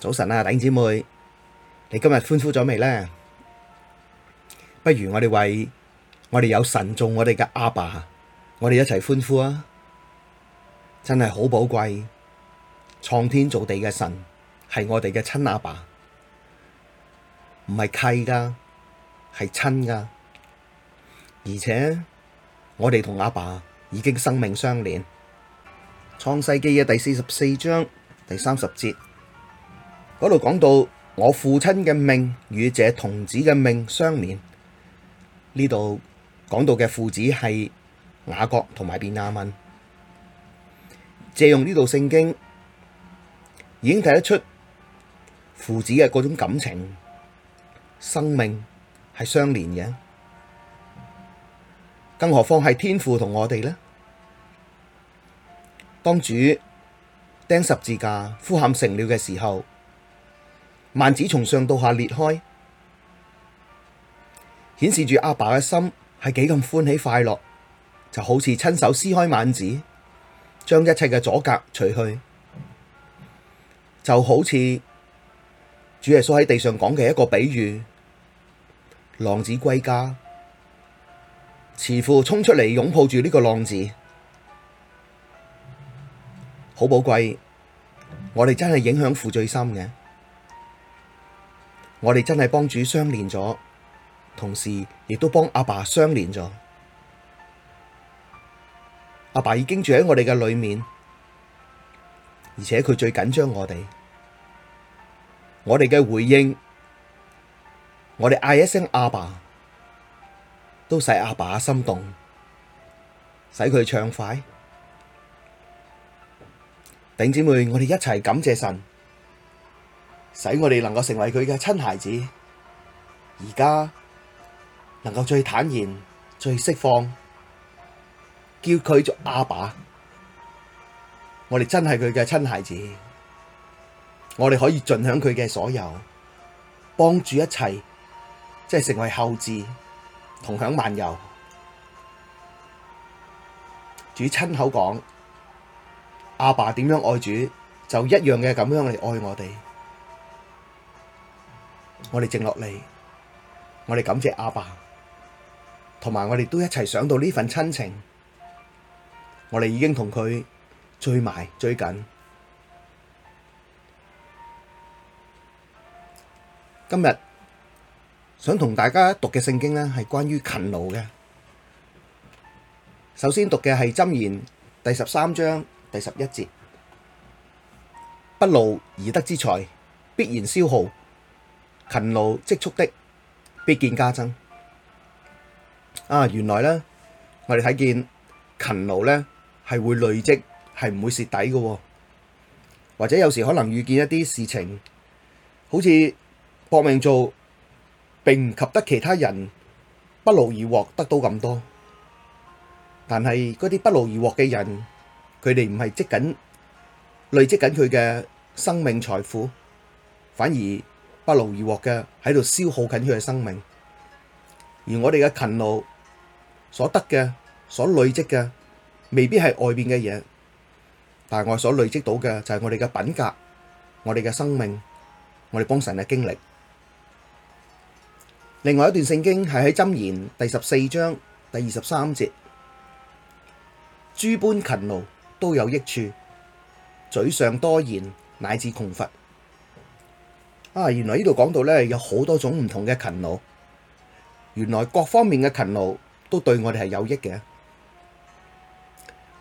早晨啊，弟兄姊妹，你今日歡呼咗未呢？不如我哋為我哋有神做我哋嘅阿爸，我哋一齊歡呼啊！真係好寶貴，創天造地嘅神係我哋嘅親阿爸，唔係契㗎，係親㗎，而且我哋同阿爸已經生命相連。創世記嘅第四十四章第三十節。嗰度講到我父親嘅命與這童子嘅命相連，呢度講到嘅父子係雅各同埋便雅憫，借用呢度聖經已經睇得出父子嘅嗰種感情、生命係相連嘅，更何況係天父同我哋呢？當主釘十字架呼喊成了嘅時候。幔子從上到下裂開，顯示住阿爸嘅心係幾咁歡喜快樂，就好似親手撕開幔子，將一切嘅阻隔除去，就好似主耶穌喺地上講嘅一個比喻：浪子歸家，慈父衝出嚟擁抱住呢個浪子，好寶貴，我哋真係影響負罪心嘅。我哋真係幫主相連咗，同時亦都幫阿爸相連咗。阿爸已經住喺我哋嘅裏面，而且佢最緊張我哋。我哋嘅回應，我哋嗌一聲阿爸，都使阿爸心動，使佢暢快。弟兄姊妹，我哋一齊感謝神。使我哋能夠成為佢嘅親孩子，而家能夠最坦然、最釋放，叫佢做阿爸。我哋真係佢嘅親孩子，我哋可以盡享佢嘅所有，幫助一切，即係成為後嗣，同享萬有。主親口講：阿爸點樣愛主，就一樣嘅咁樣嚟愛我哋。我哋靜落嚟，我哋感謝阿爸，同埋我哋都一齊想到呢份親情，我哋已經同佢聚埋最緊。今日想同大家讀嘅聖經呢，係關於勤勞嘅。首先讀嘅係《箴言》第十三章第十一節：不勞而得之財，必然消耗。勤勞積蓄的，必見加增。啊，原來呢，我哋睇見勤勞呢係會累積，係唔會蝕底嘅。或者有時可能遇見一啲事情，好似搏命做，並唔及得其他人不勞而獲得到咁多。但係嗰啲不勞而獲嘅人，佢哋唔係積緊累積緊佢嘅生命財富，反而，不勞而獲嘅，喺度消耗緊佢嘅生命；而我哋嘅勤勞所得嘅、所累積嘅，未必係外邊嘅嘢，但係我所累積到嘅就係我哋嘅品格、我哋嘅生命、我哋幫神嘅經歷。另外一段聖經係喺箴言第十四章第二十三節：諸般勤勞都有益處，嘴上多言乃至窮乏。啊，原來呢度講到呢，有好多種唔同嘅勤勞，原來各方面嘅勤勞都對我哋係有益嘅。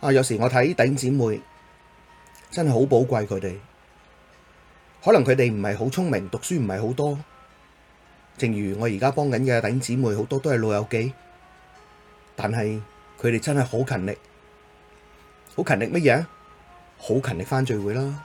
啊，有時我睇弟兄姊妹真係好寶貴佢哋，可能佢哋唔係好聰明，讀書唔係好多，正如我而家幫緊嘅弟兄姊妹好多都係老友記，但係佢哋真係好勤力，好勤力乜嘢？好勤力返聚會啦！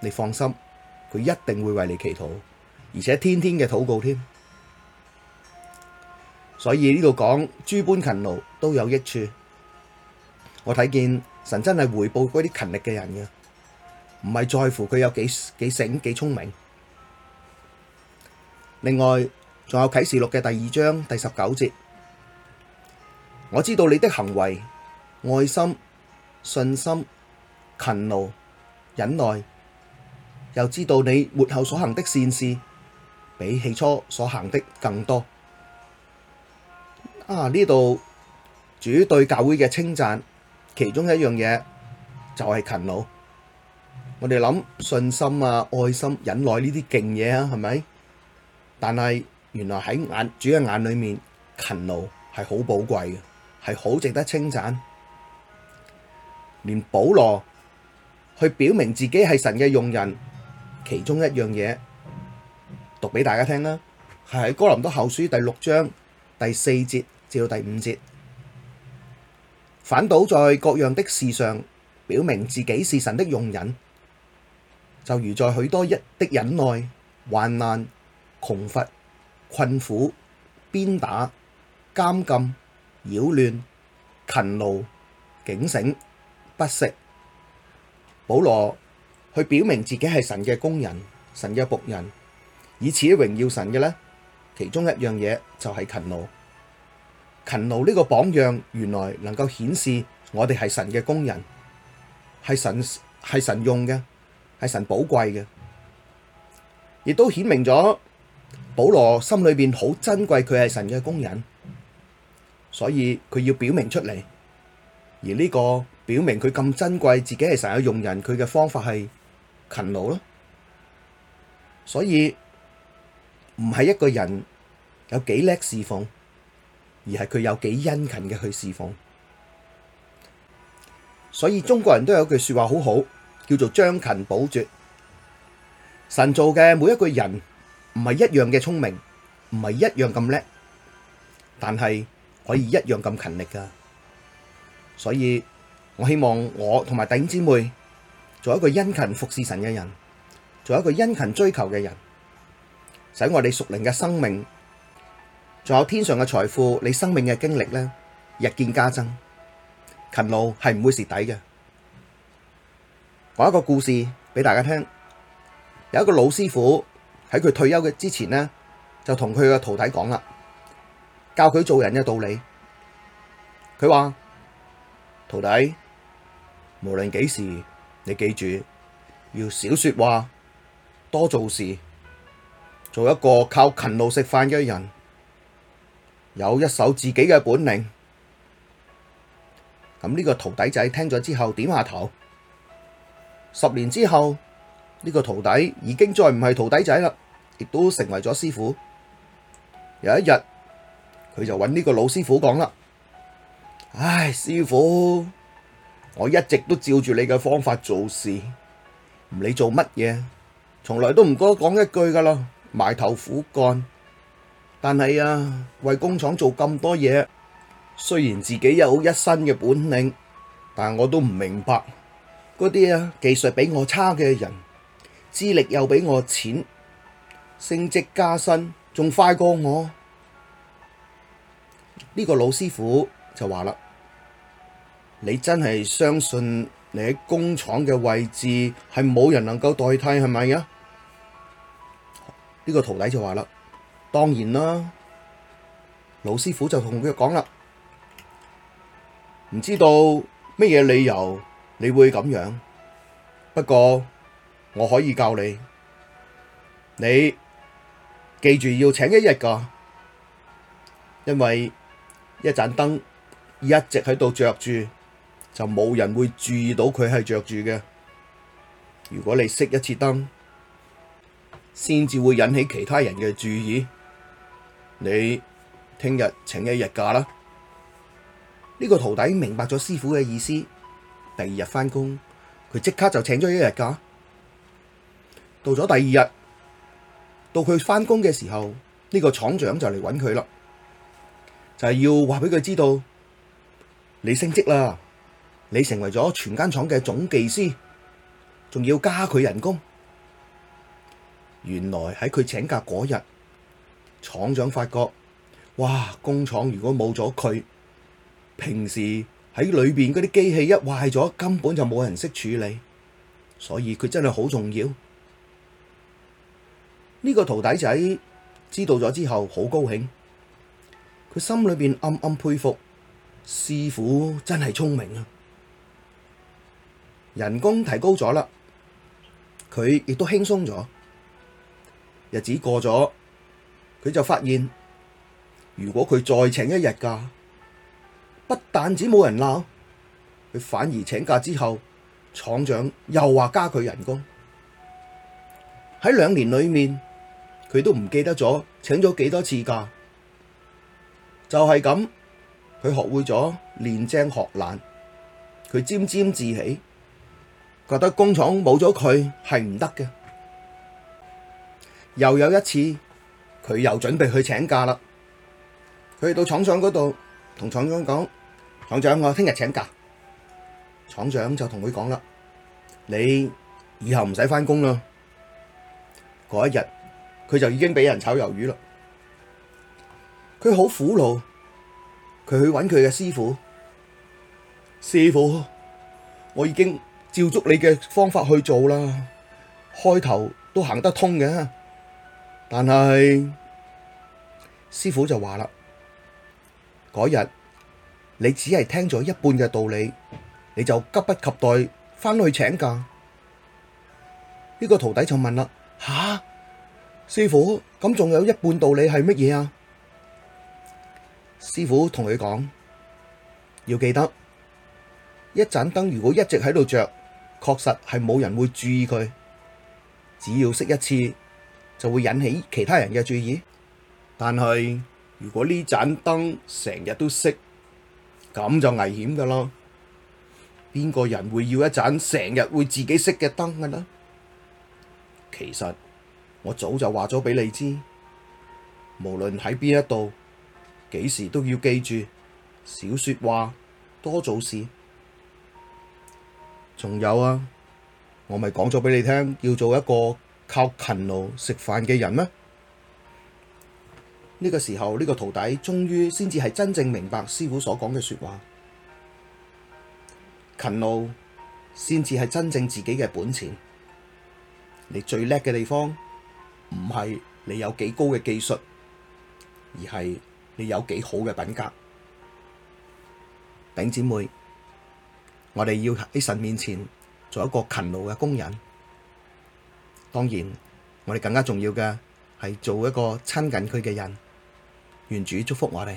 你放心，佢一定會為你祈禱，而且天天嘅禱告添。所以呢度講諸般勤勞都有益處。我睇見神真係回報嗰啲勤力嘅人嘅，唔係在乎佢有幾幾醒幾聰明。另外，仲有啟示錄嘅第二章第十九節，我知道你的行為、愛心、信心、勤勞、忍耐。又知道你末後所行的善事，比起初所行的更多。啊！呢度主對教會嘅稱讚，其中一樣嘢就係勤勞。我哋諗信心啊、愛心、忍耐呢啲勁嘢啊，係咪？但係原來喺眼主嘅眼裏面，勤勞係好寶貴嘅，係好值得稱讚。連保羅去表明自己係神嘅用人。其中一樣嘢，讀俾大家聽啦，係喺哥林多後書第六章第四節至到第五節，反倒在各樣的事上表明自己是神的用人，就如在許多一的忍耐、患難、窮乏、困苦、鞭打、監禁、擾亂、勤勞、警醒、不食，保羅。佢表明自己係神嘅工人，神嘅僕人，以此榮耀神嘅呢。其中一樣嘢就係勤勞，勤勞呢個榜樣原來能夠顯示我哋係神嘅工人，係神係神用嘅，係神寶貴嘅，亦都顯明咗保羅心裏面好珍貴佢係神嘅工人，所以佢要表明出嚟。而呢個表明佢咁珍貴，自己係神嘅用人，佢嘅方法係。勤勞咯，所以唔係一個人有幾叻侍奉，而係佢有幾殷勤嘅去侍奉。所以中國人都有句說話好好，叫做將勤補拙。神做嘅每一個人唔係一樣嘅聰明，唔係一樣咁叻，但係可以一樣咁勤力噶。所以我希望我同埋弟兄姊妹。做一個殷勤服侍神嘅人，做一個殷勤追求嘅人，使我哋屬靈嘅生命，仲有天上嘅財富，你生命嘅經歷咧，日漸加增。勤勞係唔會蝕底嘅。講一個故事俾大家聽，有一個老師傅喺佢退休嘅之前咧，就同佢嘅徒弟講啦，教佢做人嘅道理。佢話徒弟，無論幾時。你記住，要少說話，多做事，做一個靠勤勞食飯嘅人，有一手自己嘅本領。咁呢個徒弟仔聽咗之後點下頭。十年之後，呢個徒弟已經再唔係徒弟仔啦，亦都成為咗師傅。有一日，佢就搵呢個老師傅講啦：唉，師傅。我一直都照住你嘅方法做事，唔理做乜嘢，從來都唔多講一句噶啦，埋頭苦幹。但係啊，為工廠做咁多嘢，雖然自己有一身嘅本領，但我都唔明白，嗰啲啊技術比我差嘅人，資歷又比我淺，升職加薪仲快過我。呢個老師傅就話啦。你真係相信你喺工廠嘅位置係冇人能夠代替，係咪啊？呢、這個徒弟就話啦，當然啦。老師傅就同佢講啦，唔知道咩嘢理由你會咁樣，不過我可以教你，你記住要請一日㗎，因為一盞燈一直喺度着住。就冇人會注意到佢係着住嘅。如果你熄一次燈，先至會引起其他人嘅注意。你聽日請一日假啦。呢個徒弟明白咗師傅嘅意思，第二日返工，佢即刻就請咗一日假。到咗第二日，到佢返工嘅時候，呢個廠長就嚟揾佢啦，就係要話俾佢知道你升職啦。你成為咗全間廠嘅總技師，仲要加佢人工。原來喺佢請假嗰日，廠長發覺，哇！工廠如果冇咗佢，平時喺裏邊嗰啲機器一壞咗，根本就冇人識處理，所以佢真係好重要。呢、這個徒弟仔知道咗之後，好高興，佢心裏邊暗暗佩服師傅真係聰明啊！人工提高咗啦，佢亦都輕鬆咗，日子過咗，佢就發現，如果佢再請一日假，不但止冇人鬧，佢反而請假之後，廠長又話加佢人工。喺兩年裏面，佢都唔記得咗請咗幾多次假，就係咁，佢學會咗練精學懶，佢沾沾自喜。覺得工廠冇咗佢係唔得嘅。又有一次，佢又準備去請假啦。佢到廠長嗰度同廠長講：廠長，我聽日請假。廠長就同佢講啦：你以後唔使翻工啦。嗰一日，佢就已經俾人炒魷魚啦。佢好苦惱，佢去搵佢嘅師傅。師傅，我已經。照足你嘅方法去做啦，開頭都行得通嘅。但係師傅就話啦，嗰日你只係聽咗一半嘅道理，你就急不及待翻去請假。呢個徒弟就問啦，吓，師傅，咁仲有一半道理係乜嘢啊？師傅同佢講，要記得一盞燈如果一直喺度着，確實係冇人會注意佢，只要熄一次就會引起其他人嘅注意。但係如果呢盞燈成日都熄，咁就危險㗎啦。邊個人會要一盞成日會自己熄嘅燈㗎呢？其實我早就話咗俾你知，無論喺邊一度，幾時都要記住少說話，多做事。仲有啊，我咪講咗畀你聽，要做一個靠勤勞食飯嘅人咩？呢個時候，呢個徒弟終於先至係真正明白師父所講嘅說話，勤勞先至係真正自己嘅本錢。你最叻嘅地方唔係你有幾高嘅技術，而係你有幾好嘅品格。丁姐妹。我哋要喺神面前做一個勤勞嘅工人，當然我哋更加重要嘅係做一個親近佢嘅人。願主祝福我哋。